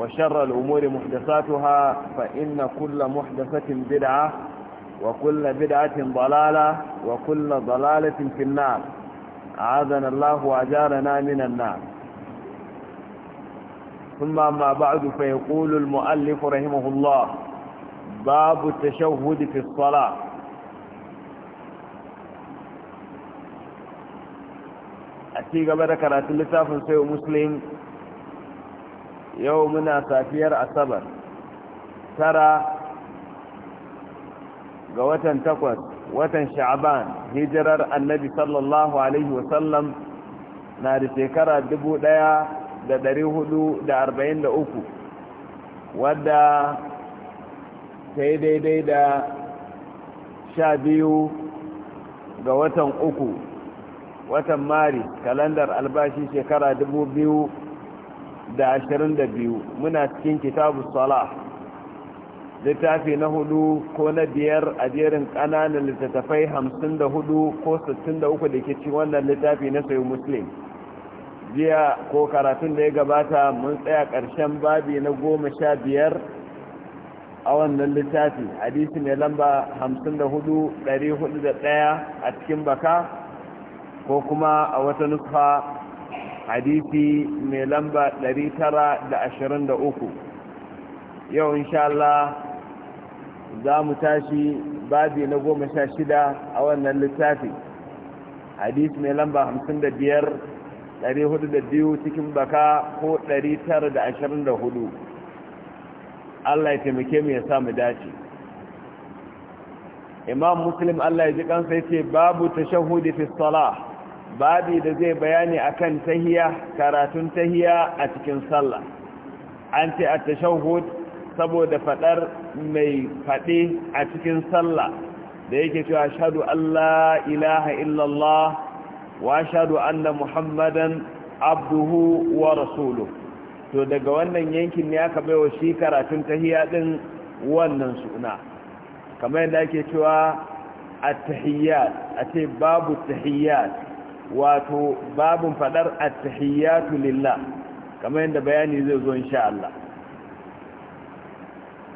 وشر الأمور محدثاتها فإن كل محدثة بدعة وكل بدعة ضلالة وكل ضلالة في النار أعاذنا الله وأجارنا من النار ثم ما بعد فيقول المؤلف رحمه الله باب التشهد في الصلاة أتيق بركة راتل لتافن سيء مسلم yau muna safiyar asabar tara ga watan takwas watan sha'aban hijirar annabi sallallahu alaihi wasallam na da shekara uku, wadda ta yi daidai da sha biyu ga watan uku watan mari kalandar albashi shekara dubu biyu da ashirin da biyu muna cikin kitabu salah littafi na hudu ko na biyar a jerin ƙananan littattafai hamsin da hudu ko sittin da uku da ke ci wannan littafi na sayi muslim jiya ko karatun da ya gabata mun tsaya ƙarshen babi na goma sha biyar a wannan littafi hadisi mai lamba hamsin da hudu ɗari hudu da ɗaya a cikin baka ko kuma a wata nufa hadisi mai lamba 923 yau inshallah Allah za mu tashi babi na goma sha shida a wannan littafi hadisi mai lamba 55 402 cikin baka ko 924 Allah ya taimake mu ya sa mu dace imam muslim Allah ya ji kansa yace babu tashahhudi fi salah babi da zai bayani akan tahiya karatun tahiya a cikin sallah an ce a tashahud saboda fadar mai fade a cikin sallah da yake cewa shaɗu Allah ilaha illallah wa shaɗu anna muhammadan abduhu wa rasuluhu to daga wannan yankin ne aka baiwa shi karatun tahiya din wannan suna kamar yadda ake cewa a tahiyyat a ce babu tahiyyat wato babin fadar at-tahiyatu lillah kamar yadda bayani zai zo insha Allah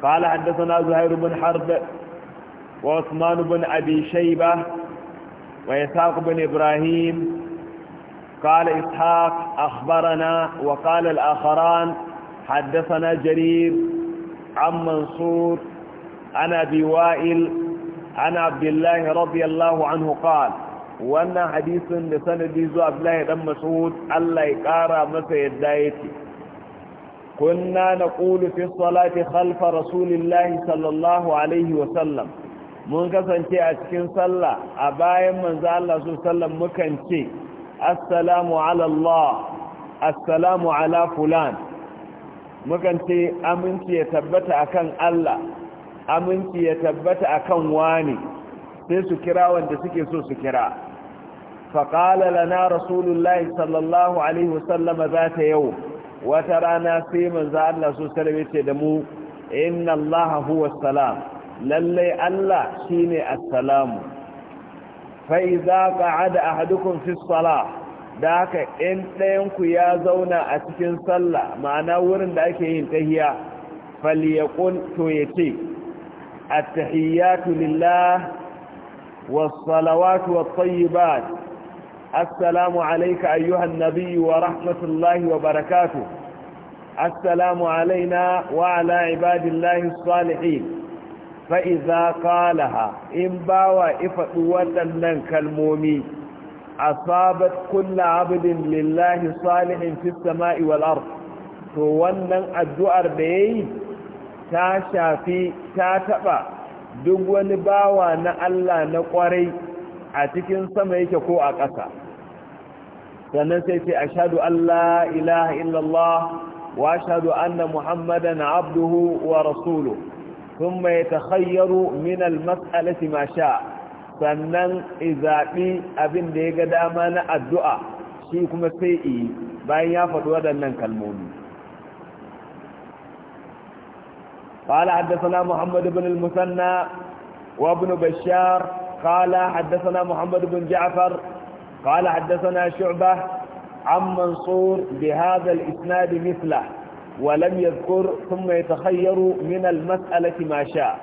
قال حدثنا زهير بن حرب وعثمان بن أبي شيبة ويساق بن إبراهيم قال إسحاق أخبرنا وقال الآخران حدثنا جرير عن منصور عن أبي وائل عن عبد الله رضي الله عنه قال wannan hadisin da sanadi zuwa abdullahi dan mas'ud Allah ya kara masa yadda yake kunna naqulu fi salati khalfa rasulillahi sallallahu alaihi wa sallam mun kasance a cikin sallah a bayan manzo Allah su sallam mukan ce assalamu ala Allah assalamu ala fulan mukan ce aminci ya tabbata akan Allah aminci ya tabbata akan wani sai su kira wanda suke so su kira فقال لنا رسول الله صلى الله عليه وسلم ذات يوم وترانا في من ذا الله سوسلمت دمو إن الله هو السلام للي الله شيني السلام فإذا قعد أحدكم في الصلاة ذاك إن تيمك يا زونا أتكن صلى معنا ورن ذاك ينتهي فليقل تويتي التحيات لله والصلوات والطيبات السلام عليك أيها النبي ورحمة الله وبركاته السلام علينا وعلى عباد الله الصالحين فإذا قالها إن باوى إفتوة لنك المومي أصابت كل عبد لله صالح في السماء والأرض فوانا الدؤر بيه تاشا في تاتبا دون باوى نألا نقري أتكن سميك كوء قصر sannan sai ce ashhadu an la ilaha illallah wa ashhadu anna muhammadan abduhu wa rasuluhu mai yatakhayyaru min al-mas'alati ma sha sannan izabi abin da ya ga dama na addu'a shi kuma sai yi bayan ya faɗi waɗannan kalmomi قال حدثنا al بن المثنى وابن بشار قال حدثنا محمد بن jafar. قال حدثنا شعبة عن منصور بهذا الإسناد مثله ولم يذكر ثم يتخير من المسألة ما شاء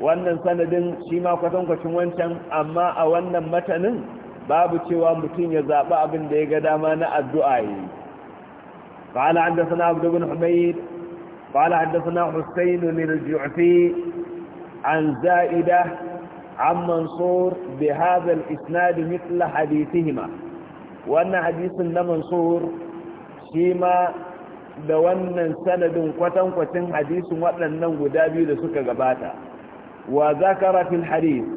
wannan sanadin shi ma kwatan kwacin wancan amma a wannan matanin babu cewa mutum ya zaɓi abin da ya ga dama na addu’a yi ba ala an da sana abu dubin humayid ba ala an da عن منصور isnadi الإسناد مثل حديثهما وأن حديث منصور شيما da wannan sanadin kwatankwacin hadisin waɗannan guda biyu da suka gabata wa zakara fil hadith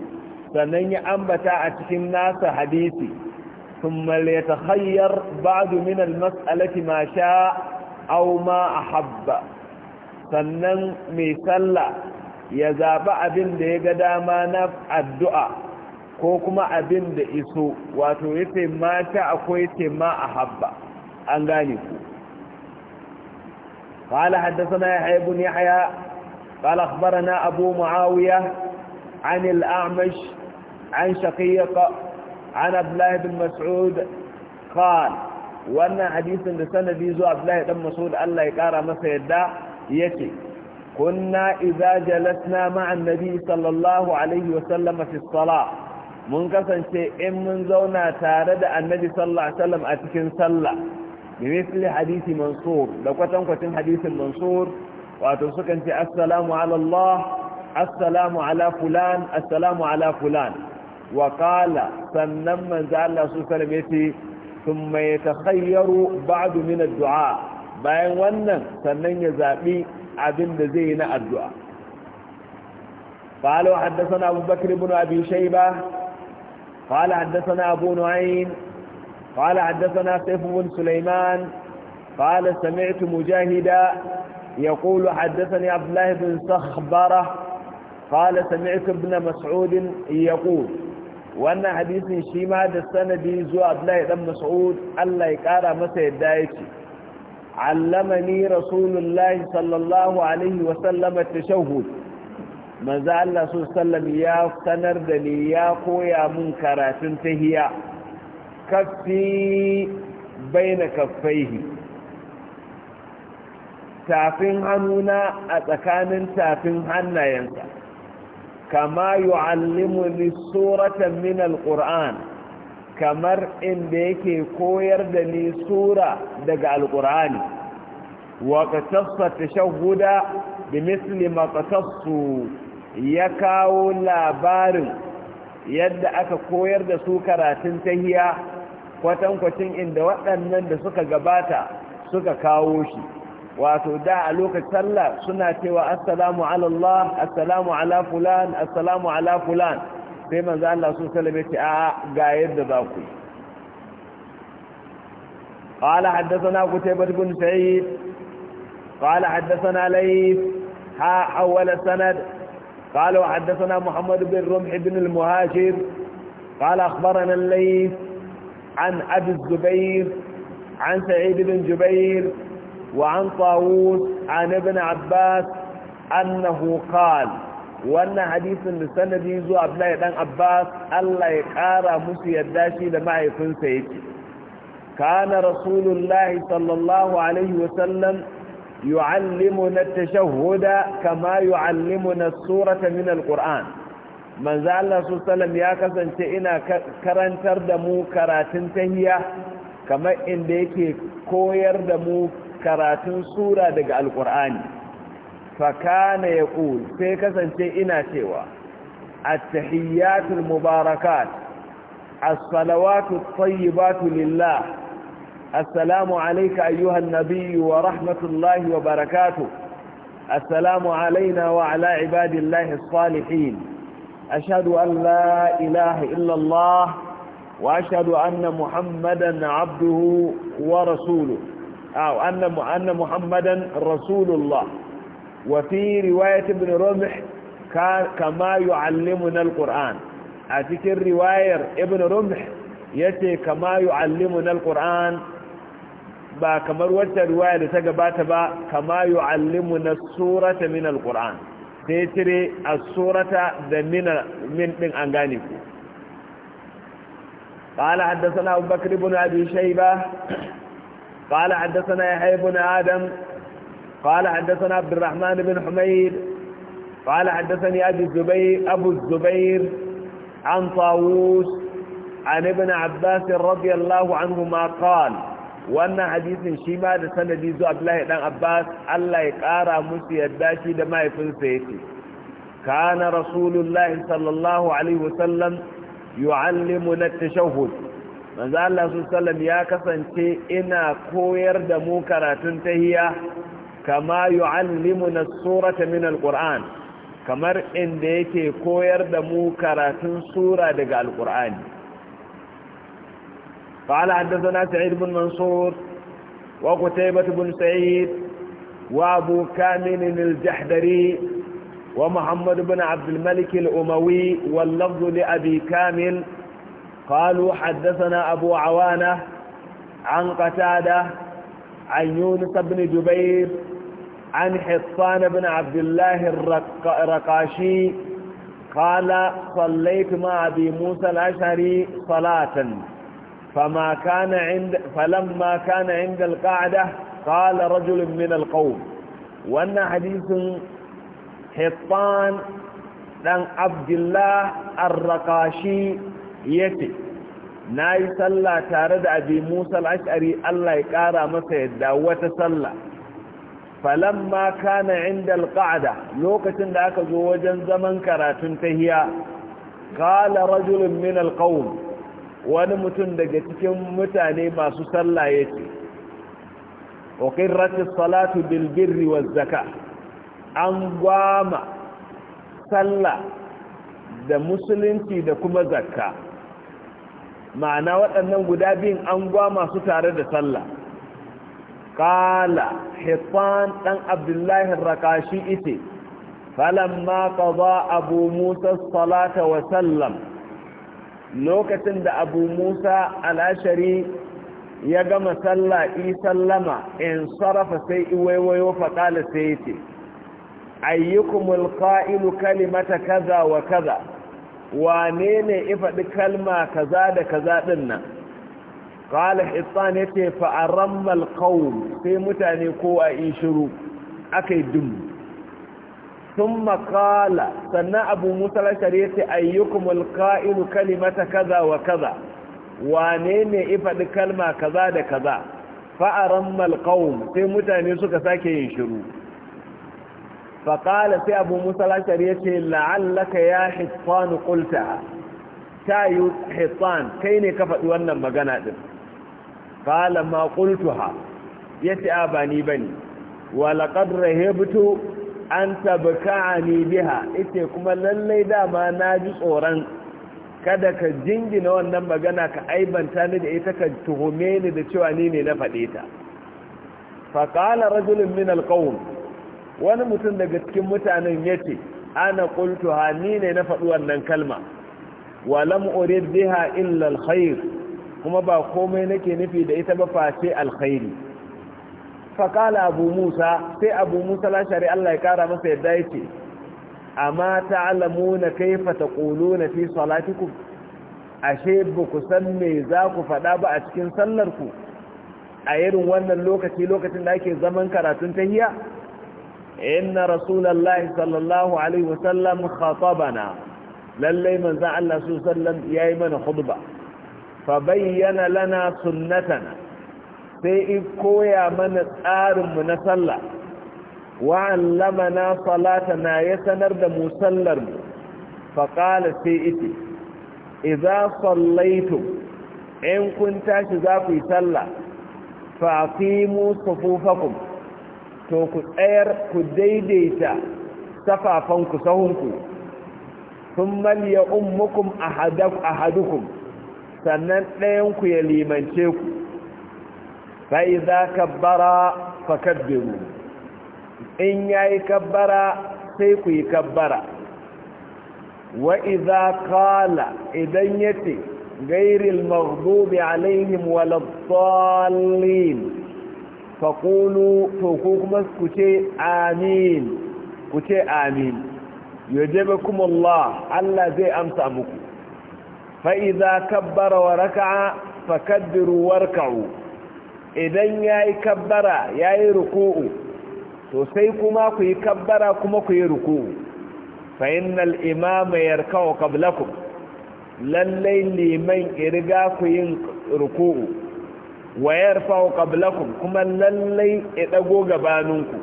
sannan ya ambata a cikin nasa hadisi thumma liyatakhayyar ba'd min al mas'alati ma sha'a aw ma ahabba sannan mai sallah ya zaɓi abin da ya ga dama na addu'a ko kuma abin da iso wato ya ce mata akwai ce ma a habba an gane ku قال حدثنا يحيى بن يحيى قال أخبرنا أبو معاوية عن الأعمش عن شقيق عن عبد الله بن مسعود قال وأن حديث لسنة ديزو عبد الله بن مسعود الله يقارى مسيدا يتي كنا إذا جلسنا مع النبي صلى الله عليه وسلم في الصلاة من قسن شيء إن من زونا تارد النبي صلى الله عليه وسلم أتكن صلى بمثل حديث منصور لو كتن كتن حديث منصور وأتنسكن السلام على الله السلام على فلان السلام على فلان وقال سنن من زعل الله صلى الله عليه وسلم ثم يتخير بعد من الدعاء bayan wannan sannan ya zaɓi abin da zai yi na addu’a fa’alwa haddasa na abubakar ibn abi shaiba fa’alwa haddasa abu nu’ayin fa’alwa haddasa na saifin suleiman fa’alwa mujahida ya kulu haddasa ne bin sahbara fa’alwa sami'atu bin mas'udin ya wannan hadisun shi ma da sanadi zuwa abdullahi dan mas'ud allah ya kara masa yadda ya ce allamani rasulullahi sallallahu alaihi wasallama tashahhud manzo Allah Sallam ya sanar da ni ya koya mun karatun tahiya kaffi baina kaffaihi tafin hannuna a tsakanin tafin hannayensa kama yu'allimuni suratan min Qur'an. kamar inda yake koyar da ni sura daga alkur'ani wa qatassa tashahuda bi misli ma ya kawo labarin yadda aka koyar da su karatun tahiya kwatankwacin inda waɗannan da suka gabata suka kawo shi wato da a lokacin sallah suna cewa assalamu ala Allah assalamu ala fulan assalamu ala fulan sai manzo Allah su sallame ce a ga yadda za ku قال حدثنا قتيبة بن سعيد قال حدثنا ليث ها حول السند قال وحدثنا محمد بن رمح بن المهاجر قال أخبرنا الليث عن أبي الزبير عن سعيد بن جبير وعن طاووس عن ابن عباس أنه قال wannan hadisin da sanadi zuwa abdullahi dan abbas allah ya kara musu yadda shi da mahaifinsa yake kana rasulullahi sallallahu alaihi wasallam yu'allimuna at-tashahhuda kama yu'allimuna as-surata min al-qur'an manzo allah sallallahu ya kasance ina karantar da mu karatun tahiyya kamar inda yake koyar da mu karatun sura daga al-qur'ani فكان يقول سيكس انت انا سوا التحيات المباركات الصلوات الطيبات لله السلام عليك ايها النبي ورحمة الله وبركاته السلام علينا وعلى عباد الله الصالحين اشهد ان لا اله الا الله واشهد ان محمدا عبده ورسوله او ان محمدا رسول الله wafi riwayat ibn rumh kama yu'allimuna alquran a cikin riwayar ibn rumh yace kama yu'allimuna alquran ba kamar wata riwaya da ta gabata ba kama yu'allimuna surata min alquran sai cire as-surata da min min din an قال حدثنا أبو بن أبي قال حدثنا يحيى بن آدم قال حدثنا عبد الرحمن بن حميد قال حدثني أبي الزبير أبو الزبير عن طاووس عن ابن عباس رضي الله عنهما قال wannan hadisin shi ma da sanadi zuwa Abdullahi dan Abbas Allah ya kara musu yadda da mahaifinsa yake kana rasulullahi sallallahu alaihi wasallam yu'allimuna at-tashahhud manzo Allah sallallahu ya kasance ina koyar da mu karatun tahiyya كما يعلمنا السورة من القرآن كما إن ديكي كوير دمو mu سورة sura القرآن قال حدثنا سعيد بن منصور وقتيبة بن سعيد وأبو كامل الجحدري ومحمد بن عبد الملك الأموي واللفظ لأبي كامل قالوا حدثنا أبو عوانة عن قتادة عن يونس بن جبير عن حصان بن عبد الله الرقاشي قال صليت مع أبي موسى الأشعري صلاة فما كان عند فلما كان عند القعدة قال رجل من القوم وأن حديث حطان عن عبد الله الرقاشي يتي ناي صلى تارد أبي موسى الأشعري الله يقارى مسيد وتسلى falamma kana inda alqa'da lokacin da aka zo wajen zaman karatun tahiya qala rajulun min alqawm wani mutum daga cikin mutane masu sallah yace uqirrat as-salatu bil birri waz zakah an gwama sallah da musulunci da kuma zakka ma'ana waɗannan guda biyun an gwama su tare da sallah qala hifan ɗan abdullahi rakashi ite falamma qada abu musa salata wa sallam lokacin da abu musa Al'ashari ya gama sallaki sallama in sarrafa sai iwaiwayo faƙala sai yace ayyukumul qa'ilu kalimata kaza wa kaza Wanene ne ifaɗi kalma kaza da kaza ɗin nan qala hitsan ya ce aramma alqawm sai mutane ko a in shiru aka yi dum thumma qala sannan abu musa al-ashari yace ayyukum inu kalimata kaza wa kaza wane ne ifadi kalma kaza da kaza fa aramma sai mutane suka sake yin shiru faƙala sai abu musa lashari ya ce la'allaka ya hitfanu ƙulta ta yi hitsan kai ne ka faɗi wannan magana ɗin qala ma qultuha yati a ba bane wa laqad rahibtu an tabka'ani biha ite kuma lallai dama na ji tsoron kada ka jingina wannan magana ka aibanta ni da ita ka tuhume ni da cewa ni ne na fade ta faƙala rajulun min alƙawun wani mutum daga cikin mutanen yace ce ana kultuha ni ne na faɗi wannan kalma walam urid biha illa alkhair kuma ba komai nake nufi da ita ba face alkhairi faƙala abu musa sai abu musa lashari allah ya ƙara masa yadda ya ce amma ta'alamu na kaifa ta ƙolo na fi salatiku ashe ba ku san me za ku faɗa ba a cikin sallarku a irin wannan lokaci lokacin da ake zaman karatun tahiya inna rasulallahi sallallahu alaihi wasallam khatabana lallai manzan allah su sallam ya yi mana khutba fa bayyana lana sunnatana sai in koya mana tsarinmu na sallah wa allamana na ya sanar da mu sallarmu fa qala sai ite idza sallaitum in kun tashi za ku yi sallah fa aqimu sufufakum to ku tsayar ku daidaita safafanku sahunku ummukum a ahadukum sannan ɗayanku ya limance ku fa za kabbara fakabbiru in yayi kabbara sai ku yi kabbara wa iza kala idan yace ce gairil maghdubi alaihim walattallin faqulu to ku kuma ku ce amin ku ce amin yajabakum Allah zai amsa muku fa'iza kabbara wa raka'a fakaddiru idan ya yi kabbara ya yi ruku'u to sai kuma ku yi kabbara kuma ku yi ruku'u fa'innal imama yarka'u kablakum lallai liman irga ku yin ruku'u wa yarfa'u kablakum kuma lallai ya ɗago gabaninku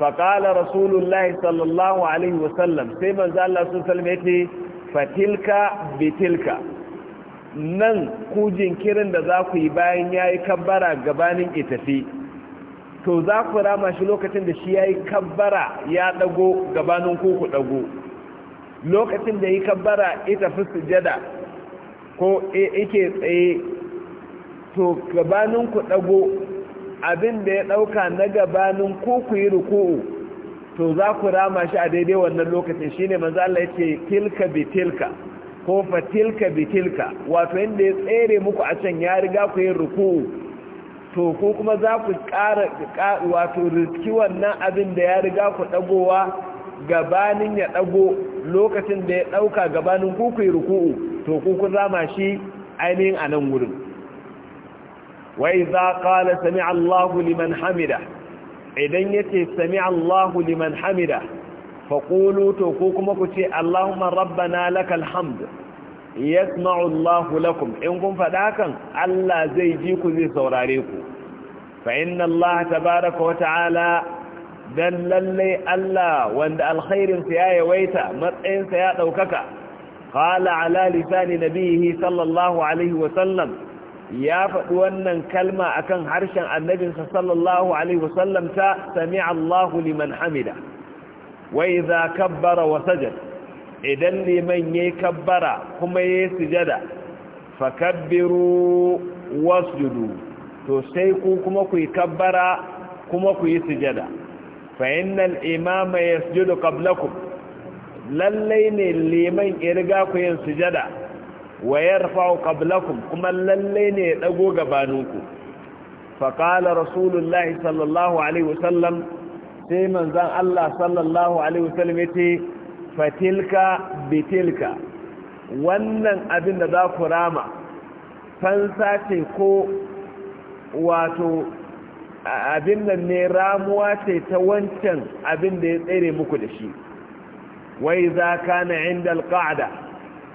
faƙala rasulullahi sallallahu alaihi wasallam sai manzo Allah sun salme fatilka bitilka nan ku jinkirin da za ku yi bayan ya yi kabbara gabanin itafi to za ku rama shi lokacin da shi ya yi kabbara ya dago gabanin ku ku dago lokacin da ya yi kabbara ita fi sujada ko ike tsaye to gabanin ku dago abin da ya dauka na gabanin ku ku yi ruku'u to za ku rama shi a daidai wannan lokacin shine manzo Allah yace tilka bi tilka ko fa tilka bi tilka wato inda ya tsere muku a can ya riga ku yin ruku to ko kuma za ku ƙara wato riski wannan abin da ya riga ku dagowa gabanin ya dago lokacin da ya ɗauka gabanin ku ku yi ruku'u to ku ku rama shi ainihin a nan wurin wa iza qala sami'a Allahu liman hamida idan yace sami Allahu liman hamida faqulu to ko kuma ku ce Allahumma rabbana lakal hamd yasma'u Allahu lakum in kun faɗa kan Allah zai ji ku zai saurare ku fa inna Allah tabaaraka wa ta'ala dan lalle Allah wanda alkhairin sa ya yawaita matsayin sa ya daukaka qala ala lisani nabihi sallallahu alaihi wa sallam ya faɗi wannan kalma akan harshen annabinsa sallallahu alaihi wasallam ta sami Allahu liman hamida wai za kabbara wa sajad idan liman ya kabbara kuma ya sujada fa wasjudu to sai ku kuma ku yi kabbara kuma ku yi sujada fa innal imama yasjudu qablakum lallai ne liman ya riga ku yin sujada wa yarfa'u qablakum kuma lalle ne ya dago gabaninku fa qala rasulullah sallallahu alaihi wasallam sai manzan Allah sallallahu alaihi wasallam ce fatilka bitilka wannan abin da za ku rama fansa ce ko wato abin nan ne ramuwa ce ta wancan abin da ya tsere muku da shi wai za ka na inda alƙa'ada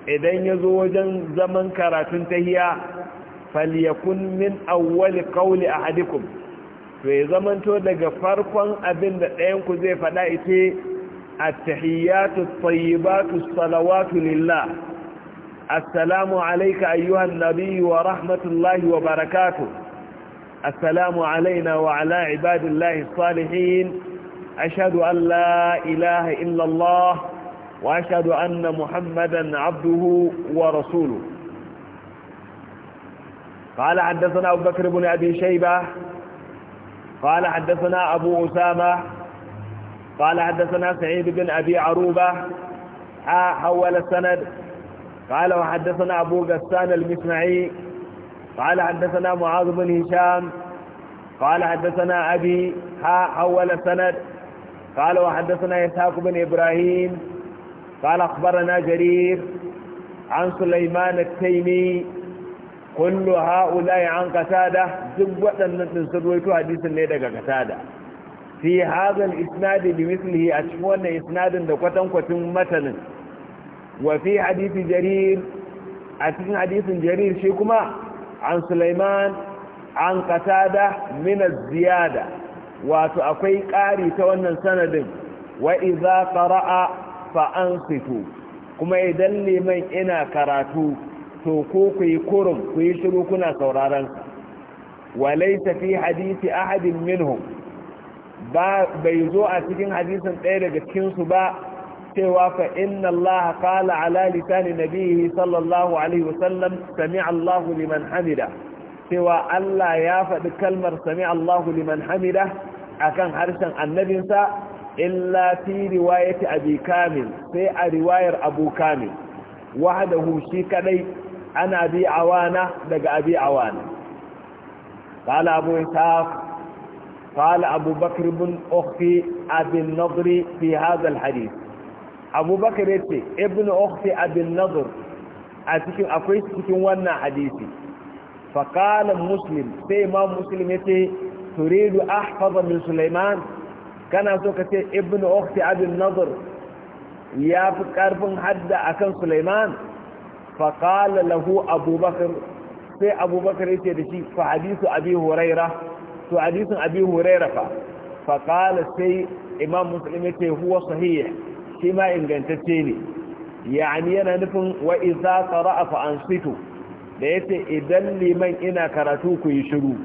idan ya zo wajen zaman karatun tahiya falyakun min awwali qawli ahadikum to ya zamanto daga farkon abin da ɗayan ku zai faɗa ita at-tahiyatu at-tayyibatu salawatu lillah assalamu alayka ayyuhan nabiy wa rahmatullahi wa barakatuh السلام علينا وعلى عباد الله الصالحين أشهد أن لا إله إلا الله وأشهد أن محمدا عبده ورسوله قال حدثنا أبو بكر بن أبي شيبة قال حدثنا أبو أسامة قال حدثنا سعيد بن أبي عروبة حول السند قال وحدثنا أبو غسان المسمعي قال حدثنا معاذ بن هشام قال حدثنا أبي حول السند قال وحدثنا إسحاق بن إبراهيم قال أخبرنا جرير عن سليمان التيمي كل هؤلاء عن قتادة زبوة من سرويته حديث ليدك قتادة في هذا الإسناد بمثله أشفون إسناد دقوة قتم مثلا وفي حديث جرير أتكن حديث جرير شيكما عن سليمان عن قتادة من الزيادة وتأقي قاري تونا سند وإذا قرأ fa'ansitu kuma idan liman ina karatu to ko ku yi kurum ku yi shiru kuna sauraron walaita hadisi ahadin minhum ba bai zo a cikin hadisin ɗaya daga cikinsu ba cewa fa inna Allah qala ala lisani nabiyhi sallallahu alaihi wasallam sami'a allahu liman hamida cewa Allah ya faɗi kalmar sami Allahu liman hamida akan harshen annabinsa illa fi riwayati abi kamil sai a riwayar abu kamil wahdahu shi kadai ana bi awana daga abi awana qala abu isaaq qala abu bakr ibn ukhfi abi fi hadha al-hadith abu bakr yace ibn ukhfi abi an-nadr a cikin akwai cikin wannan hadisi fa muslim sai ma muslim yace turidu ahfaza min sulaiman kana so ka ce ibn ukhti abin nazar ya fi karfin hadda akan sulaiman faƙala lahu abubakar sai abubakar ce da shi fa hadisu abi huraira to hadisin abi huraira fa faƙala sai imam huwa sahiya shi ma ingantacce ne yani yana nufin wa iza qara'a fa ansitu da yace idan liman ina karatu ku yi shiru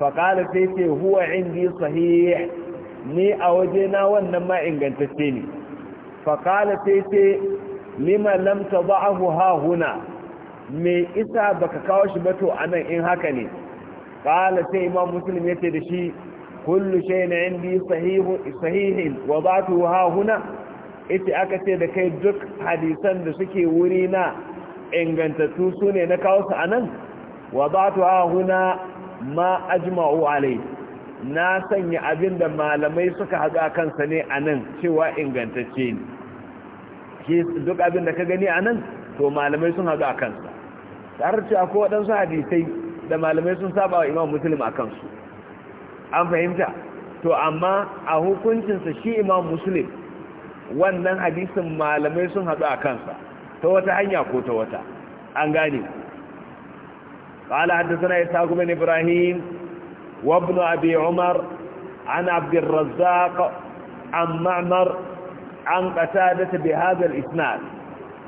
faƙala sai ce huwa indi sahiya. ni a waje na wannan ma ingantacce ne faƙala sai ce lima lamta ba'ahu ha huna me isa baka kawo shi ba to anan in haka ne ƙala sai imam muslim ya ce da shi kullu shai na indi sahihin wa ba'atu ha huna ita aka ce da kai duk hadisan da suke wuri na ingantattu sune na kawo su anan wa ba'atu ha huna ma ajma'u alayhi na sanya abin da malamai suka haɗa kansa ne a nan cewa ingantacce ne duk abin da ka gani a nan to malamai sun haɗa kansa tare cewa ko waɗansu hadisai da malamai sun saba wa imam musulun a kansu an fahimta to amma a hukuncinsa shi imam musulun wannan hadisin malamai sun haɗu a kansa ta wata hanya ko ta wata an gane قال حدثنا إسحاق بن إبراهيم وابن أبي عمر عن عبد الرزاق عن معمر عن قتادة بهذا الإسناد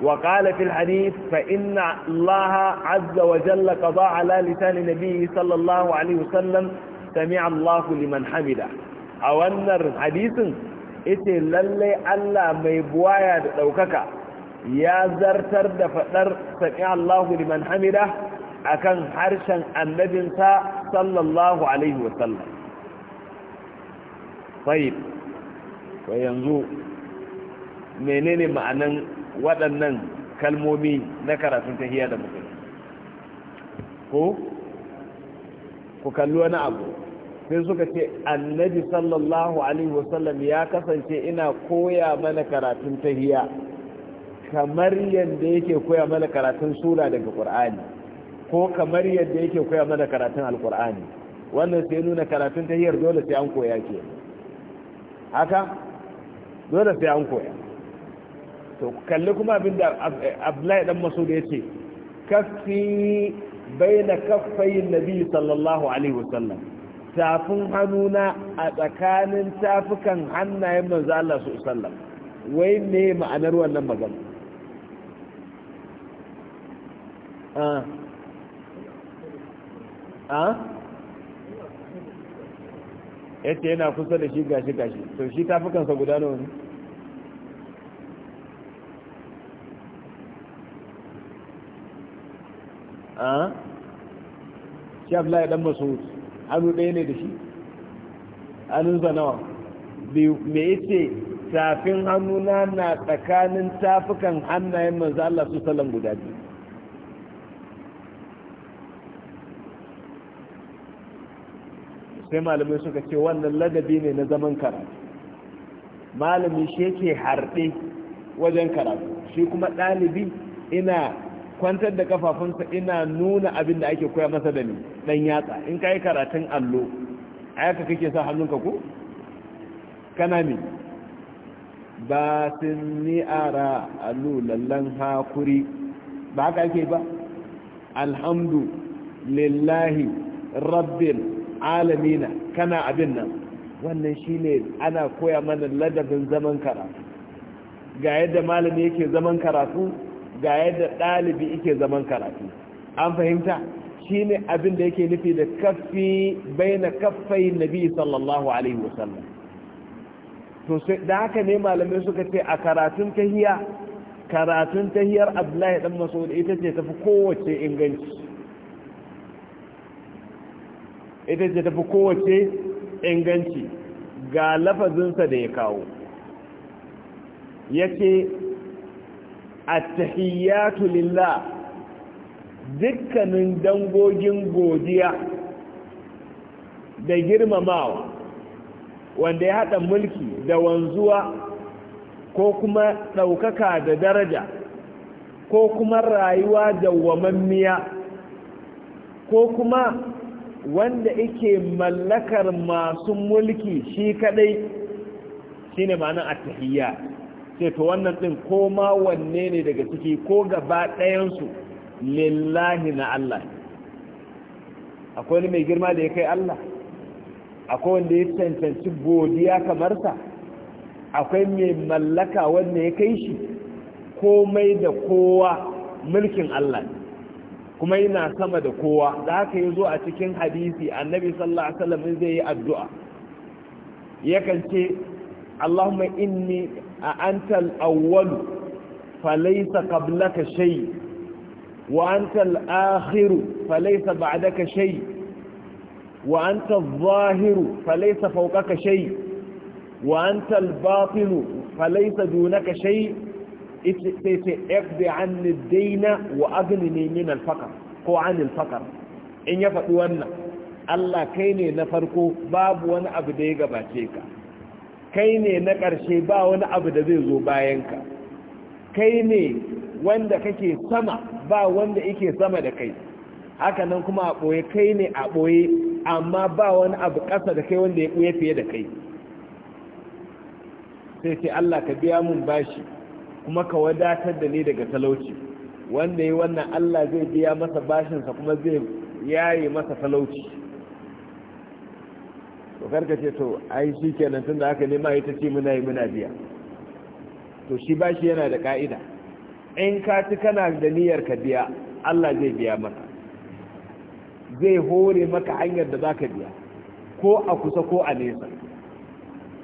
وقال في الحديث فإن الله عز وجل قضى على لسان نبيه صلى الله عليه وسلم سمع الله لمن حمده أو أن الحديث إتي للي ألا ميبوايا دوكك يا زرتر دفتر سمع الله لمن حمده akan harshen annabinsa sallallahu alaihi wasallam sai wa yanzu menene ma'anan waɗannan kalmomi na karatun tahiyya da mutum ko ku kalli wani abu sai suka ce annabi sallallahu alaihi wasallam ya kasance ina koya mana karatun tahiyya kamar yadda yake koya mana karatun sura daga ƙur'ani ko kamar yadda yake koya mana karatun alkur'ani wannan sai nuna karatun ta hiyar dole sai an koya ke haka dole sai an koya to kalli kuma abin da abdullahi dan masu da yace kaffi baina kaffayin nabi sallallahu alaihi wasallam tafin hannuna a tsakanin tafukan hannayen manzo Allah su sallam wai me ma'anar wannan magana ah. a yace yana kusa da shi gashi gashi to shi tafukansa guda nawa ne a shi abdullahi dan masud hannu ɗaya ne da shi hannun zanawa. mai ita yace tafin hannuna na tsakanin tafukan hannayen manzala su sallan guda biyu sai malamai suka ce wannan ladabi ne na zaman karatu malami shi yake harɗe wajen karatu shi kuma ɗalibi ina kwantar da kafafunsa ina nuna abin da ake koya masa da ni dan yatsa in ka yi karatun allo ayaka kake sa hannunka ko kana ne ba sun allo lallan hakuri ba haka ake ba alhamdu lillahi rabbil alamina kana abin nan wannan shine ana koya mana ladabin zaman karatu ga yadda malami yake zaman karatu ga yadda ɗalibi yake zaman karatu an fahimta shine abin da yake nufi da kaffi bai na kaffai nabi sallallahu alaihi wasallam to sai da haka ne malamai suka ce a karatun tahiya karatun tahiyar abdullahi dan mas'ud ita ce tafi kowace inganci ita ce tafi kowace inganci ga lafazinsa da ya kawo ya ce attahiyyatu lillah dukkanin dangogin godiya da girmamawa wanda ya haɗa mulki da wanzuwa ko kuma ɗaukaka da daraja ko kuma rayuwa da wamammiya ko kuma wanda yake mallakar masu mulki shi kadai shine ma'anar tahiyya sai to wannan din ko ma wanne ne daga ciki ko gaba ɗayansu lillahi na Allah akwai wani mai girma da ya kai Allah akwai wanda ya cancanci godiya kamar sa akwai mai mallaka wanda ya kai shi komai da kowa mulkin Allah ne kuma yana sama da kowa za haka yi zo a cikin hadisi annabi sallallahu alaihi wasallam zai yi addu'a yakan ce Allahumma inni a antal awwal falaysa qablaka shay wa antal akhir falaysa ba'daka shay wa antal zahir falaysa fawqaka shay wa antal batin falaysa dunaka shay' sai ce fd anni daina wa ne min alfakar ko an alfakar in ya faɗi wannan Allah kai ne na farko babu wani abu da ya gabace ka kai ne na ƙarshe ba wani abu da zai zo bayan ka kai ne wanda kake sama ba wanda yake sama da kai haka nan kuma a ɓoye kai ne a ɓoye amma ba wani abu ƙasa da kai wanda ya ɓoye fiye da kai sai sai Allah ka biya mun bashi kuma ka wadatar da ni daga talauci wanda yi wannan Allah zai biya masa bashinsa kuma zai yaye masa talauci to karka ce to ai shi kenan tun da aka nema ita ce muna yi muna biya to shi bashi yana da ka'ida in ka ci kana da niyyar ka biya Allah zai biya maka zai hore maka hanyar da za ka biya ko a kusa ko a nesa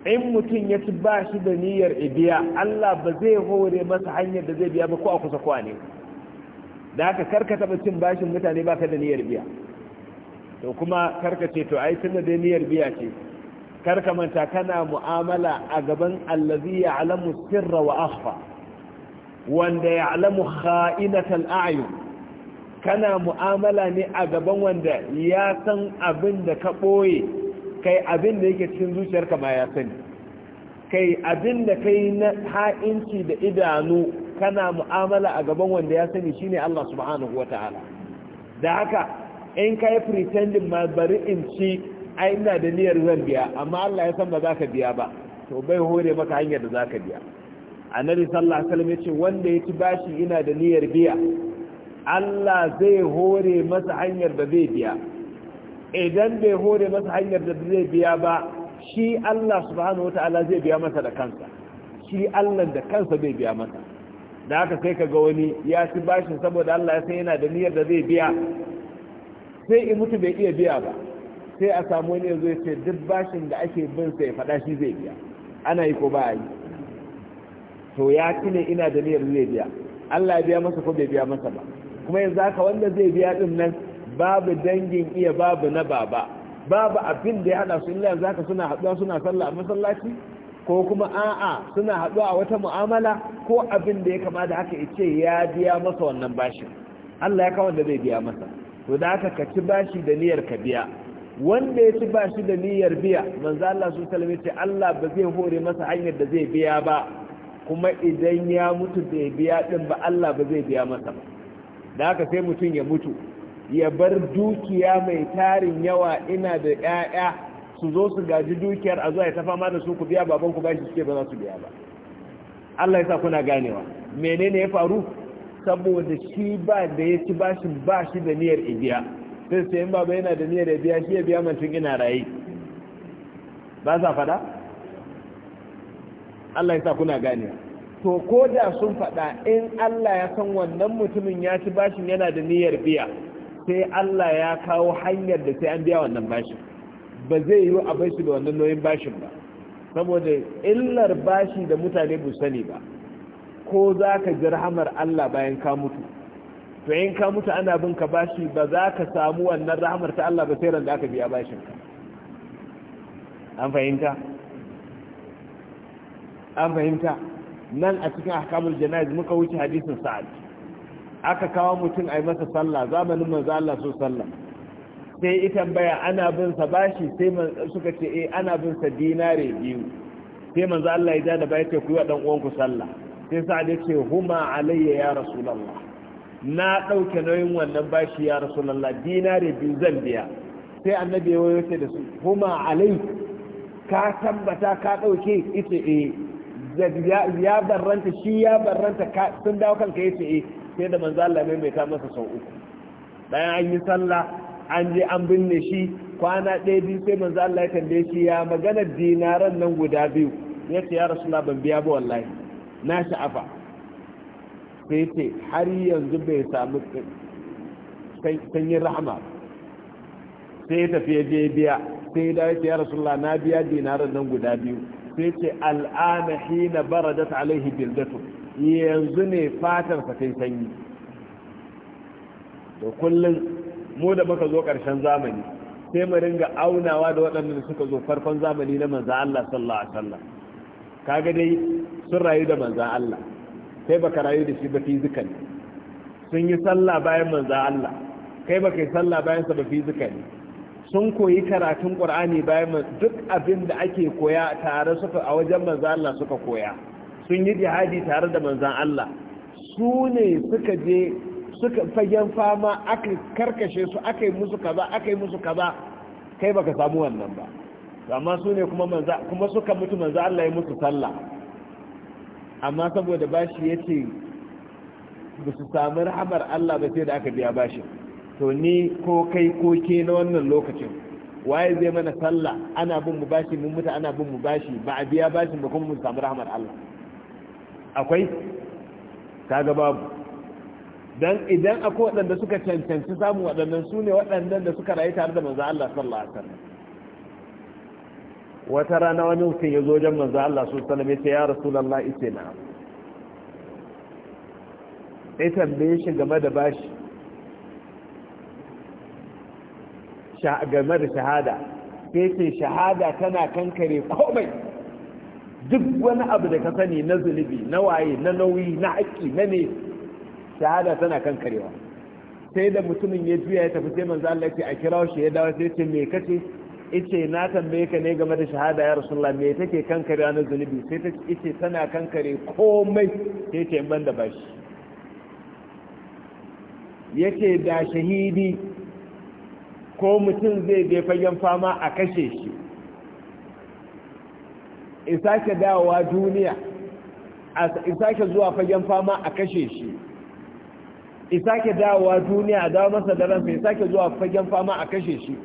in mutum ya ci ba shi da niyyar ibiya Allah ba zai hore masa hanyar da zai biya ba ko a kusa ko ne da haka karka taɓa cin bashin mutane ba baka da niyyar biya to kuma karka ce to ai tun da niyyar biya ce karka manta kana mu'amala a gaban allazi ya'lamu sirra wa akhfa wanda ya'lamu kha'inatal a'yun kana mu'amala ne a gaban wanda ya san abin da ka ɓoye. kai abin da yake cikin zuciyarka ba ya sani kai abin da kai na ha'inci da idanu kana mu'amala a gaban wanda ya sani shine Allah subhanahu wata'ala da haka in kai pretending ma bari in ci ai ina da niyyar zan biya amma Allah ya san ba za ka biya ba to bai hore maka hanyar da za ka biya annabi sallallahu alaihi wasallam yace wanda ya ci bashi ina da niyyar biya Allah zai hore masa hanyar da zai biya idan bai hore masa hanyar da zai biya ba shi Allah subhanahu Ta'ala zai biya masa da kansa shi Allah da kansa zai biya masa da haka sai ka ga wani ya ci bashin saboda Allah ya san yana da niyyar da zai biya sai in mutu bai iya biya ba sai a samu wani yanzu ya ce duk bashin da ake bin sai faɗa shi zai biya ana yi ko ba a yi to ya ci ne ina da niyyar zai biya Allah ya biya masa ko bai biya masa ba kuma yanzu haka wanda zai biya din nan babu dangin iya babu na baba babu abin da ya hada su illa zaka suna haɗuwa suna sallah a masallaci ko kuma a'a suna haɗuwa a wata mu'amala ko abin da ya kama da haka yace ya biya masa wannan bashi Allah ya kawo da zai biya masa to da haka ka ci bashi da niyyar ka biya wanda ya ci bashi da niyyar biya manzo Allah su salame ce Allah ba zai hore masa hanyar da zai biya ba kuma idan ya mutu bai biya din ba Allah ba zai biya masa ba da haka sai mutum ya mutu ya bar dukiya mai tarin yawa ina da 'ya'ya su zo su gaji dukiyar a zuwa ya tafa fama da su ku biya baban ku bashi suke ba za su biya ba Allah ya sa kuna ganewa menene ya faru saboda shi ba da ya ci bashin ba shi da niyyar ibiya sai sai in baba yana da niyyar ibiya shi ya biya mancin ina raye ba za fada Allah ya sa kuna ganewa to ko da sun faɗa in Allah ya san wannan mutumin ya ci bashin yana da niyyar biya sai Allah ya kawo hanyar da sai an biya wannan bashin ba zai yi a bai su da wannan nauyin bashin ba saboda illar bashi da mutane bu sani ba ko za ka ji rahamar Allah bayan ka mutu to in ka mutu ana bin ka bashi ba za ka samu wannan rahamar ta Allah ba sai ran da aka biya bashin ka an fahimta an fahimta nan a cikin ahkamul jana'iz muka wuce hadisin sa'ad aka kawo mutum a yi masa sallah zamanin manzo Allah so sallah sai ita tambaya ana bin sa bashi sai suka ce eh ana bin sa dinare biyu sai manzo Allah ya da bai ce ku yi dan uwanku sallah sai sa'ad ya ce huma alayya ya rasulullah na dauke nauyin wannan bashi ya rasulullah dinare biyu zan biya sai annabi ya wayo da su huma alai ka tabbata ka dauke ita eh ya barranta shi ya barranta sun dawo kanka yace eh sai da manzo Allah maimaita masa sau uku bayan an yi sallah an je an binne shi kwana ɗaya biyu sai manzo Allah ya tambaye shi ya magana dinaran nan guda biyu ya ce ya rasulullah ban biya ba wallahi na sha'afa sai ce har yanzu bai samu sanyin rahama sai ya tafi ya je biya sai ya dawo ya rasulullah na biya dinaran nan guda biyu sai ce al'ana hina baradat alaihi bildatu yanzu ne fatar sa kai sanyi da kullum mu da muka zo ƙarshen zamani sai mu ringa aunawa da waɗanda suka zo farkon zamani na manzo Allah sallallahu alaihi wasallam kaga dai sun rayu da manzo Allah sai baka rayu da shi ba fizikali sun yi sallah bayan manzo Allah kai baka yi sallah bayan sa ba fizikali sun koyi karatun Qur'ani bayan duk abin da ake koya tare suka a wajen manzo Allah suka koya sun yi jihadi tare da manzan Allah su ne suka je suka fagen fama aka karkashe su aka yi musu kaza aka yi musu kaza kai baka samu wannan ba amma su ne kuma manza kuma suka mutu manza Allah ya musu sallah amma saboda bashi yace ba su samu rahamar Allah ba sai da aka biya bashi to ni ko kai ko ke na wannan lokacin waye zai mana sallah ana bin mu bashi mun mutu ana bin mu bashi ba a biya bashin ba kuma mun samu rahamar Allah akwai kaga babu dan idan akwai waɗanda suka cancanci samun waɗannan su ne waɗannan da suka rayu tare da manzo Allah sallallahu alaihi wasallam wata rana wani mutum ya zo wajen manzo Allah sallallahu alaihi wasallam ya ce ya rasulullah ite na sai tambaye shi game da bashi game da shahada sai ce shahada tana kankare komai duk wani abu da ka sani na zunubi na waye na nauyi na haƙƙi na ne shahada tana kan karewa sai da mutumin ya juya ya tafi sai manzo Allah ce a kirawo shi ya dawo sai ce me kace ce na tambaye ka ne game da shahada ya rasulullah me take kan karewa na zunubi sai ta ce tana kan kare komai sai ce ban da bashi yace da shahidi ko mutum zai je fagen fama a kashe shi isake sake dawowa duniya isake zuwa fagen fama a kashe shi isake sake dawowa duniya a dawo masa da ransa in zuwa fagen fama a kashe shi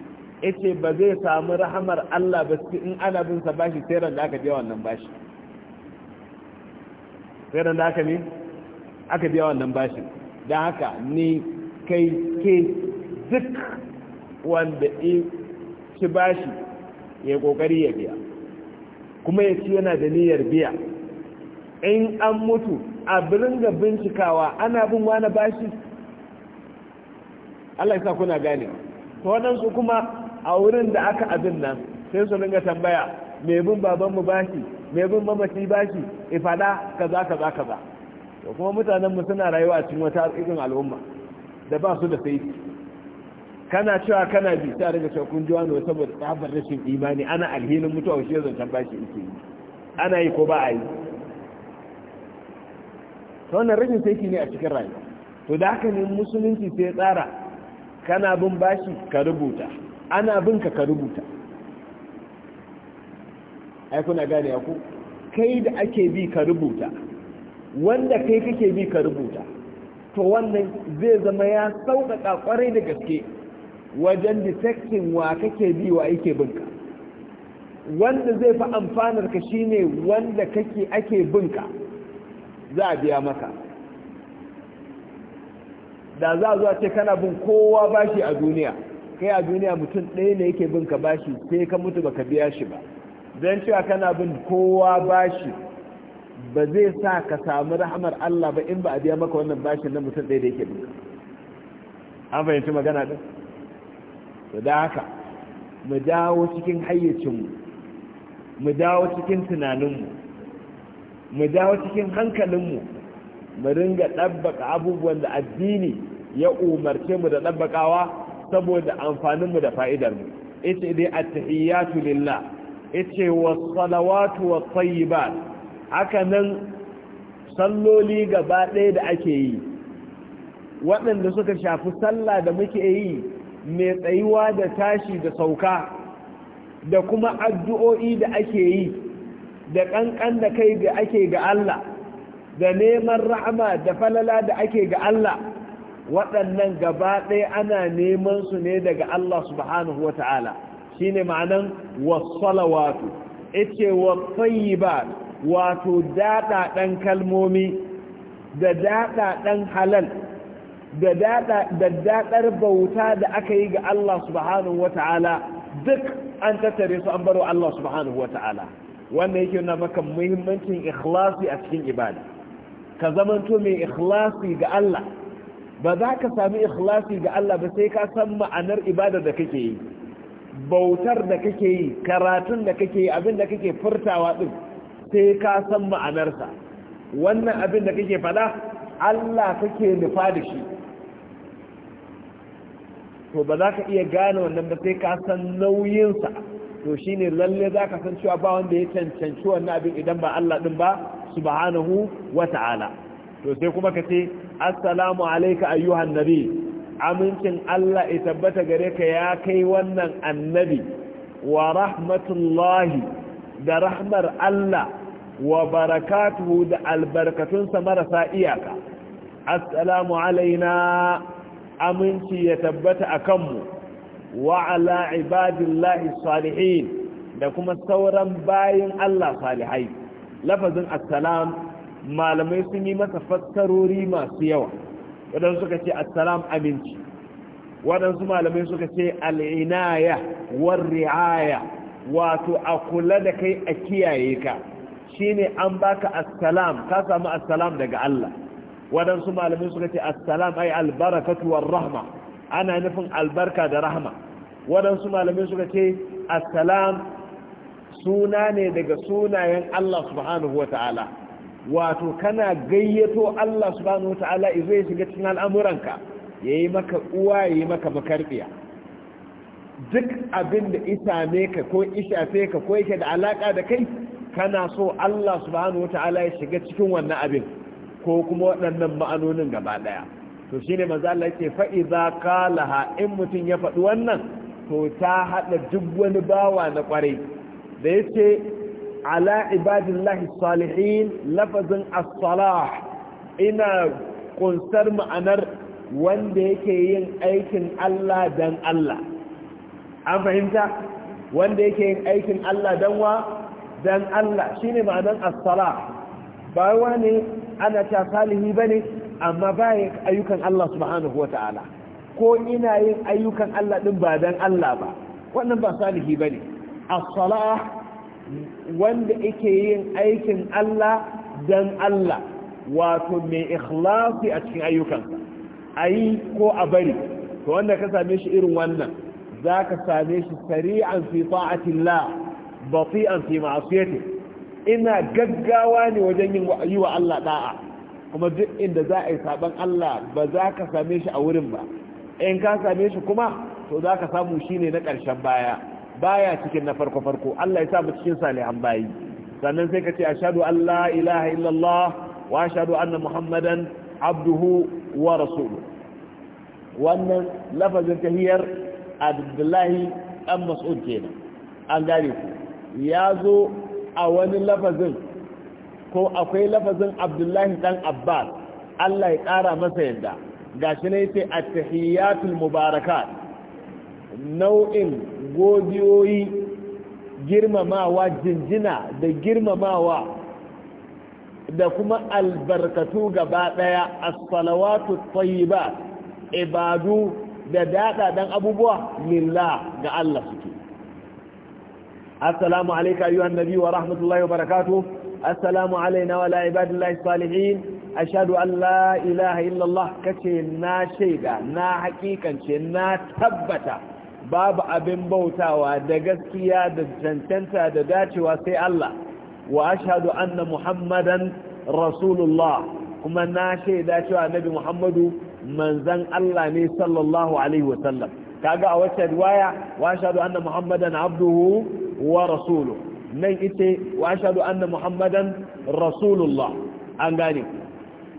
yace ba zai samu rahamar Allah ba in ana bin sa bashi sai ran da aka biya wannan bashi sai ran da aka ne aka biya wannan bashi dan haka ni kai ke duk wanda ci bashi ya kokari ya biya kuma ya ce yana da niyyar biya in an mutu a birin ga bincikawa ana bin wani bashi Allah ya kuna gane to waɗansu kuma a wurin da aka abin nan sai su ringa tambaya mai bin babanmu bashi mai bin mamaci bashi ifada kaza kaza kaza to kuma mutanenmu suna rayuwa cikin wata irin al'umma da ba su da saiti kana cewa kana bi sai a shakun jiwa ne saboda tsabar rashin imani ana alhinin mutuwa shi zancen bashi yake yi ana yi ko ba a yi ta wannan rashin saiki ne a cikin rayuwa to da haka ne musulunci sai tsara kana bin bashi ka rubuta ana bin ka ka rubuta ai kuna gane ku kai da ake bi ka rubuta wanda kai kake bi ka rubuta to wannan zai zama ya sauƙaƙa ƙwarai da gaske wajen detecting wa kake bi wa yake binka wanda zai fi amfanar ka shine wanda kake ake binka za a biya maka da za a zuwa ce kana bin kowa bashi a duniya kai a duniya mutum ɗaya ne yake binka bashi sai ka mutu baka biya shi ba don cewa kana bin kowa bashi ba zai sa ka samu rahamar Allah ba in ba a biya maka wannan bashin na mutum ɗaya da yake binka an fahimci magana ɗin da haka mu dawo cikin hayyacinmu mu dawo cikin tunaninmu mu dawo cikin hankalinmu mu ringa ɗabbaka abubuwan da addini ya umarce mu da ɗabbakawa saboda amfaninmu da fa'idarmu ita dai attahiyatu lillah ita wasalawatu wasayyibat haka nan salloli gaba ɗaya da ake yi waɗanda suka shafi sallah da muke yi mai tsayuwa da tashi da sauka da kuma addu'o'i da ake yi da ƙanƙan da kai da ake ga Allah da neman rahama da falala da ake ga Allah waɗannan gaba ɗaya ana neman su ne daga Allah subhanahu wa ta'ala shi ne ma'anan wasu ice wa ba wato daɗaɗen kalmomi da daɗaɗen halal da daɗar bauta da aka yi ga Allah subhanahu wa ta'ala duk an tattare su an baro Allah subhanahu wa ta'ala wannan yake nuna maka muhimmancin ikhlasi a cikin ibada ka zamanto mai ikhlasi ga Allah ba za ka sami ikhlasi ga Allah ba sai ka san ma'anar ibada da kake yi bautar da kake yi karatun da kake yi abin da kake furtawa din sai ka san ma'anarsa wannan abin da kake fada Allah kake nufa da shi to ba za ka iya gane wannan ba sai ka san nauyinsa to shine lalle za ka san cewa ba wanda ya cancanci wannan abin idan ba Allah ɗin ba subhanahu wa ta'ala to sai kuma ka ce assalamu alayka ayyuhan nabi amincin Allah ya tabbata gare ka ya kai wannan annabi wa rahmatullahi da rahmar Allah wa barakatuhu da albarkatunsa marasa iyaka assalamu alaina aminci ya tabbata a kanmu wa ala ibadillahi salihin da kuma sauran bayan Allah salihai lafazin assalam malamai sun yi masa fassarori masu yawa waɗansu suka ce assalam aminci waɗansu malamai suka ce al'inaya war ri'aya wato a kula da kai a kiyaye ka shine an baka assalam ka samu assalam daga Allah waɗansu malamai suka ce assalam ai albarakatu war rahma ana nufin albarka da rahma waɗansu malamai suka ce assalam suna ne daga sunayen Allah subhanahu wa ta'ala wato kana gayyato Allah subhanahu wa ta'ala izai shiga cikin al'amuranka ya yi maka uwa ya yi maka makarfiya duk abin da ne ka ko ishafe ka ko yake da alaka da kai kana so Allah subhanahu wa ta'ala ya shiga cikin wannan abin ko kuma waɗannan ma'anonin gaba ɗaya to shine manzo Allah yake fa'iza iza in mutum ya faɗi wannan to ta haɗa duk wani bawa na kwarai da yace ala ibadillahi salihin lafazin as-salah ina kunsar ma'anar wanda yake yin aikin Allah dan Allah an fahimta wanda yake yin aikin Allah dan wa dan Allah shine ma'anar as-salah ba wani ana ta salihi ba ne amma baya ayyukan Allah subhanahu wa ta'ala ko ina yin ayyukan Allah ɗin ba don Allah ba wannan ba salihi ba ne a salah wanda yake yin aikin Allah don Allah wato mai ikhlasi a cikin ayyukansa a yi ko a bari to wanda ka same shi irin wannan za ka same shi sari'an fi ta'atillah bati'an fi ma'asiyati ina gaggawa ne wajen yin yi wa Allah da'a kuma duk inda za a yi saban Allah ba za ka same shi a wurin ba in ka same shi kuma to za ka samu shi ne na ƙarshen baya baya cikin na farko-farko Allah ya samu cikin an bayi sannan sai ka ce ashadu Allah ilaha illallah wa ashadu anna muhammadan abduhu wa rasulu wannan lafazin tahiyar abdullahi dan mas'ud kenan an gane ku ya zo a wani lafazin ko akwai lafazin abdullahi dan abbas Allah ya ƙara masa yadda gashi ne yace at-tahiyatul mubarakat nau'in godiyoyi girmamawa jinjina da girmamawa da kuma albarkatu gaba daya as-salawatu tayyibat ibadu da dada dan abubuwa lillah ga Allah suke السلام عليك أيها النبي ورحمة الله وبركاته السلام علينا وعلى عباد الله الصالحين أشهد أن لا إله إلا الله كشنا شيئا نا حقيقا شنا تبتا باب أبن بوتا ودقسكيا دجنتنتا دداتي وسي الله وأشهد أن محمدا رسول الله كما نا شيئا شوى النبي محمد من زن الله صلى الله عليه وسلم كاقا أوشهد وايا وأشهد أن محمدا عبده wa rasulu nan ita wa ashadu anna muhammadan rasulullah an gane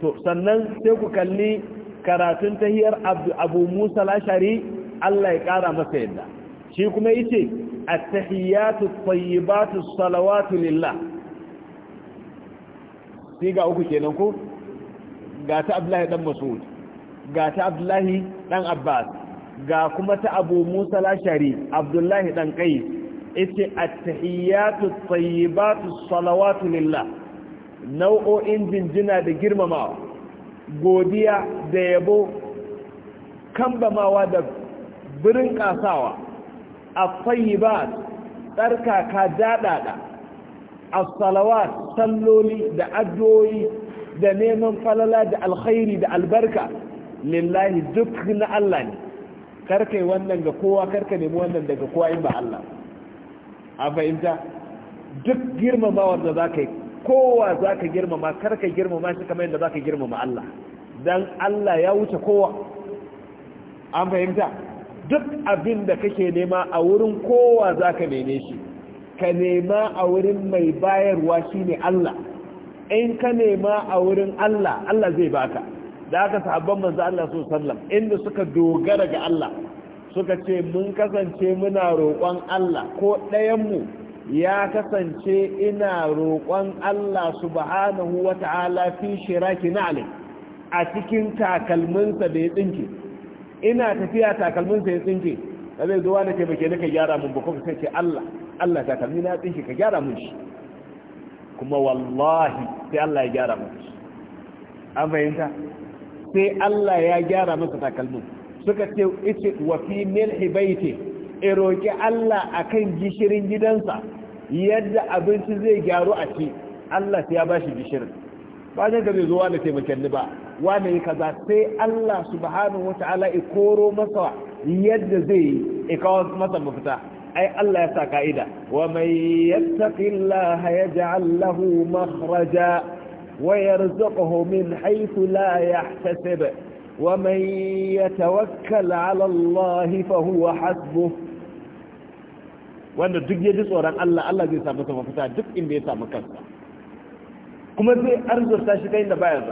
to sannan sai ku kalli karatun ta hiyar abu musa lashari allah ya ƙara masa yadda shi kuma ita attahiyatu tayyibatu salawatu lillah sai ga uku kenan ku ga ta abdullahi dan mas'ud ga ta abdullahi dan abbas ga kuma ta abu musa lashari abdullahi ɗan ƙai ita attahiyatu tayyibatu salawatu lillah nau'o'in jinjina da girmamawa godiya da yabo kambamawa da birin kasawa at-tayyibat tsarkaka da as-salawat salloli da addu'o'i da neman falala da alkhairi da albarka lillahi duk na Allah ne karkai wannan ga kowa karka nemi wannan daga kowa in ba Allah a fahimta duk girmamawar da za ka yi kowa za ka girmama karka girmama shi kamar yadda za ka girmama Allah don Allah ya wuce kowa an fahimta duk abin da kake nema a wurin kowa za ka nene shi ka nema a wurin mai bayarwa shi ne Allah in ka nema a wurin Allah Allah zai baka da aka sahabban manzo Allah su sallam inda suka dogara ga Allah suka ce mun kasance muna roƙon Allah ko ɗayanmu ya kasance ina roƙon Allah subhanahu wa ta'ala fi shiraki na'alin a cikin takalminsa da ya tsinke ina tafiya takalminsa ya tsinke da zai zuwa da ke bake ka gyara mun bakon sai ce Allah Allah takalmi na tsinke ka gyara mun shi kuma wallahi sai Allah ya gyara mun shi an fahimta sai Allah ya gyara masa takalmin suka ce ice wa fi milhi baiti e roki Allah akan gishirin gidansa yadda abinci zai gyaru a ci Allah ya bashi gishirin ba zai gabe zuwa da taimakon ba wane yi kaza sai Allah subhanahu wata'ala ya koro masa yadda zai yi kawo masa mafita ai Allah ya sa ka'ida wa mai yattaqillaha yaj'al lahu makhraja wa yarzuquhu min haythu la yahtasib ومن يتوكل على الله فهو حسبه wanda duk ya tsoron Allah Allah zai samu mafita duk inda ya samu kansa kuma zai arzurta shi ta da baya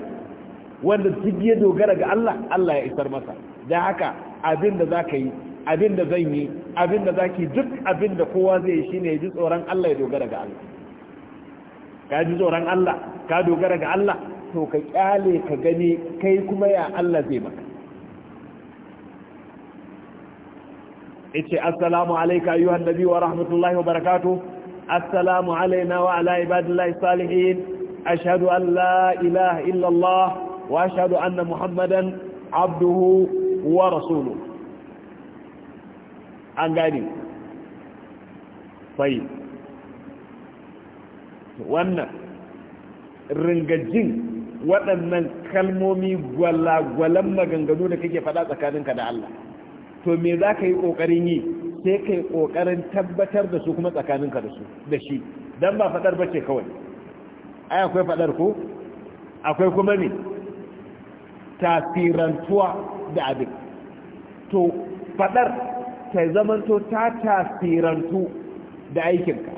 wanda duk ya dogara ga Allah Allah ya isar masa da haka abin da zaka yi abin da zan yi abin da zaki duk abin da kowa zai yi shine ya tsoron Allah ya dogara ga Allah ka ji tsoron Allah ka dogara ga Allah to ka kyale ka gani kai kuma ya Allah zai maka yace assalamu alayka ayyuha annabi wa rahmatullahi wa barakatuh assalamu alayna wa ala ibadillahi salihin ashhadu an la ilaha illa Allah wa ashhadu anna muhammadan abduhu wa rasuluhu an gani fai wannan ringajin waɗannan kalmomi gwalagwalan maganganu da kake faɗa tsakaninka da Allah to me za ka yi ƙoƙarin yi sai ka yi ƙoƙarin tabbatar da su kuma tsakaninka da su da shi don ba faɗar bace kawai ai akwai faɗar ko akwai kuma ne tasirantuwa da abin to faɗar ta zamanto ta tasirantu da aikinka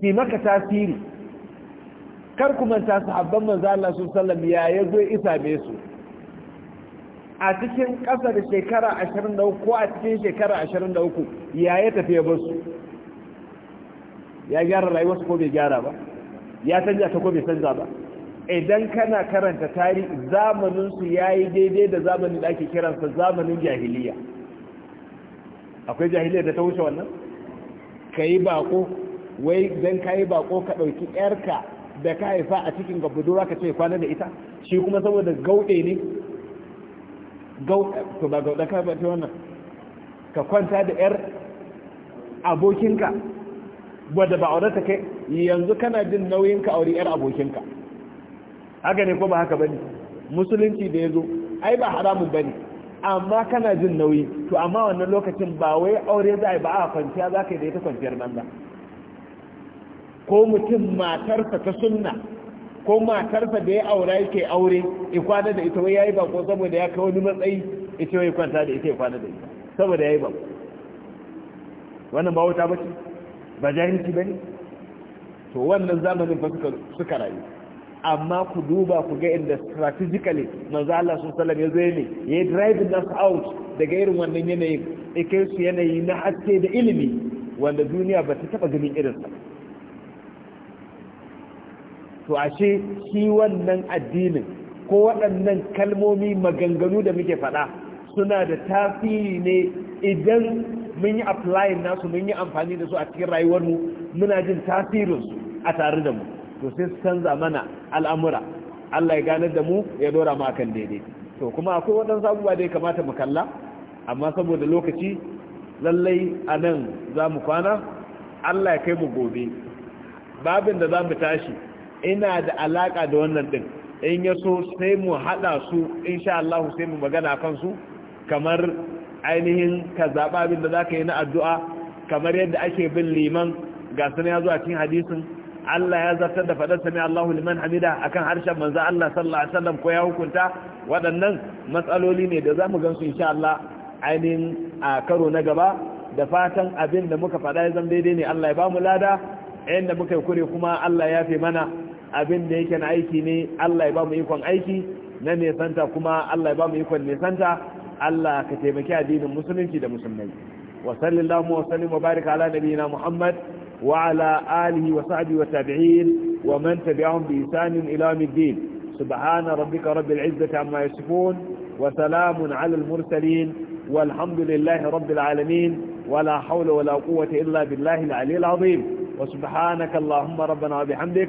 ki maka tasiri kar ku manta sahabban manzo Allah su sallam ya yazo isa me su a cikin ƙasa da shekara 23 ko a cikin shekara 23 ya ya tafi ya su ya gyara su ko bai gyara ba ya canja ta ko bai canja ba idan kana karanta tarihi zamanin ya yi daidai da zamanin da ake kiransa zamanin jahiliya akwai jahiliya da ta wuce wannan ka yi bako wai don ka yi bako ka ɗauki 'yarka da ka haifa a cikin gabudura ka ce kwana da ita shi kuma saboda gauɗe ne to ba gaude ka ba wannan ka kwanta da yar abokinka wadda ba aure ta kai yanzu kana jin nauyin ka aure yar abokinka haka ne ko ba haka bane musulunci da yazo ai ba haramun bane amma kana jin nauyi to amma wannan lokacin ba wai aure za a yi ba a kwanciya za ka yi da ita kwanciyar banza ko mutum matarsa ta sunna ko matarsa da ya aura yake aure ya kwana da ita wai yayi bako saboda ya kai wani matsayi ya ce wai kwanta da ita ya kwana da ita saboda yayi bako wannan ba wuta bace ba jahilci bane to wannan zamanin ba suka suka rayu amma ku duba ku ga inda strategically manzo Allah sun sallam ya zo ne ya drive us out daga irin wannan yanayin ikai su yanayi na haske da ilimi wanda duniya ba ta taba ganin irin sa to ashe shi wannan addinin ko waɗannan kalmomi maganganu da muke faɗa suna da tasiri ne idan mun yi applying nasu mun yi amfani da su a cikin rayuwarmu muna jin tasirinsu a tare da mu to sai su canza mana al'amura Allah ya ganar da mu ya dora mu akan daidai to kuma akwai waɗansu abubuwa da ya kamata mu kalla amma saboda lokaci lallai a nan za mu kwana Allah ya kai mu gobe babin da za mu tashi ina da alaka da wannan din in ya so sai mu haɗa su insha Allah sai mu magana kan su kamar ainihin ka zaba abin da zaka yi na addu'a kamar yadda ake bin liman ga suna ya zuwa cikin hadisin Allah ya zartar da faɗar sami Allahu liman hamida akan harshen manzo Allah sallallahu alaihi wasallam ko ya hukunta waɗannan matsaloli ne da zamu gansu insha Allah ainihin a karo na gaba da fatan abin da muka faɗa ya zama daidai ne Allah ya ba mu lada inda muka yi kure kuma Allah ya fi mana abin da yake na aiki ne Allah ya ba mu ikon aiki na nesanta kuma Allah ya ba mu ikon nesanta Allah ka taimaki addinin musulunci da musulmai wa sallallahu wa sallim wa barika ala nabiyina Muhammad wa ala alihi wa sahbihi wa tabi'in wa man tabi'ahum bi ihsan ila yawmiddin subhana rabbika rabbil izzati amma yasifun wa salamun ala al mursalin walhamdulillahi rabbil alamin ولا حول ولا قوة إلا بالله العلي العظيم وسبحانك اللهم ربنا وبحمدك